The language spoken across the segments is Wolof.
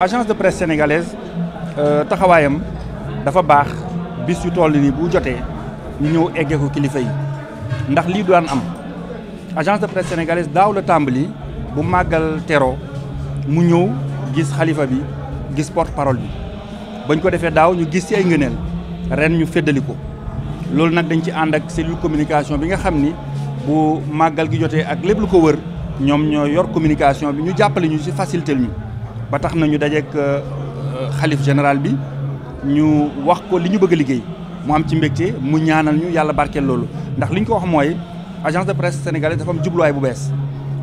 agence de presse sénégalaise euh, taxawaayam dafa baax bis yu toll nii bu jotee ñu ñëw eggee ko kilifa yi ndax lii du daan am agence de presse sénégalaise daaw la tàmbali bu màggal tero mu ñëw gis xalifa bi gis porte parole bi bañ ko defee daaw ñu gis ci ay ngëneel ren ñu feddali ko loolu nag dañ ci ànd ak cellule communication bi nga xam ni bu màggal gi jotee ak lépp lu ko wër ñoom ñoo yor communication bi ñu jàppale ñu ci facilité ñu ba tax na ñu dajeeg euh, xalif général bi ñu wax ko li ñu bëgg a liggéey mu am ci mbégte mu ñaanal ñu yàlla barkeel loolu ndax li ñu ko wax mooy agence de presse sénégalaise dafa am jubluwaay bu bees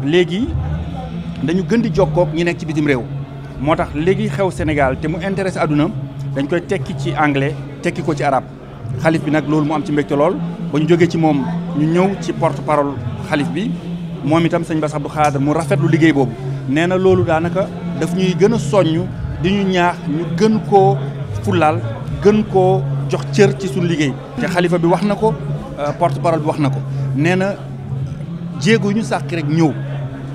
léegi dañu gën di jokkoog ñu nekk ci bitim réew moo tax léegi xew Sénégal te mu intéressé àdduna dañ koy tekki ci anglais tekki ko ci arab xalif bi nag loolu mu am ci mbégte lool ba ñu jógee ci moom ñu ñëw ci porte parole xalif bi moom itam sëñ Bass Abdou Khadre mu rafetlu liggéey boobu daf ñuy gën a soññ di ñu ñaax ñu gën koo fulaal gën koo jox cër ci suñu liggéey. te xalifa bi wax na ko euh, porte parole bi wax na ko nee na jéego yu ñu sàq rek ñëw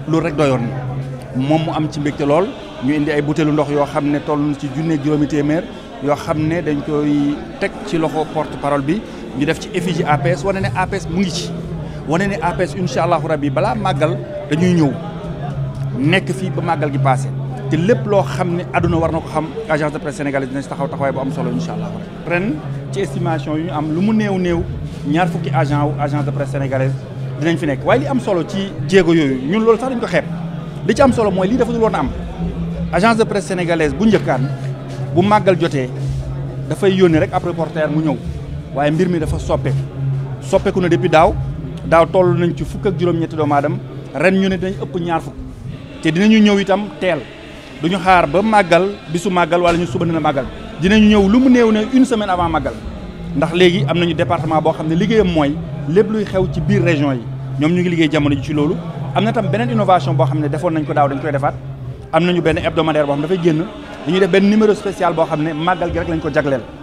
loolu rek doyoon na moom mu am ci mbégte lool ñu indi ay butéelu ndox yoo xam ne toll ci junne juróomi téeméer yoo xam ne dañ koy teg ci loxo porte parole bi ñu def ci effigie APS wane ne APS mu ngi ci. wane ne APS incha allahu rabi balaa màggal dañuy ñëw nekk fii ba màggal gi paase. te lépp loo xam ne àdduna war na ko xam agence de presse sénégalaise dina si taxaw taxawaay bu am solo incha allah ren ci estimation yu ñu am lu mu néew néew ñaar fukki agent agence de presse sénégalaise dinañ fi nekk waaye li am solo ci jéego yooyu ñun loolu sax dañ ko xeeb li ci am solo mooy lii dafa dul woon am agence de presse sénégalaise bu njëkkaan bu màggal jotee dafay yónni rek ab reporter mu ñëw waaye mbir mi dafa soppeeku soppeeku na depuis daaw daaw toll nañ ci fukk ak juróom-ñetti doomu aadama ren ñu ne dinañ ëpp ñaar te dinañu ñëw itam teel du ñu xaar ba màggal bisu màggal wala ñu suba na màggal dinañu ñëw lu mu néew ne une semaine avant màggal ndax léegi am nañu département boo xam ne liggéeyam mooy lépp luy xew ci biir région yi ñoom ñu ngi liggéey jamono ji ci loolu am na tam beneen innovation boo xam ne defoon nañ ko daaw dañ koy defaat am nañu benn hebdomadaire boo xam ne dafay génn dañuy def benn numéro spécial boo xam ne màggal gi rek lañ ko jagleel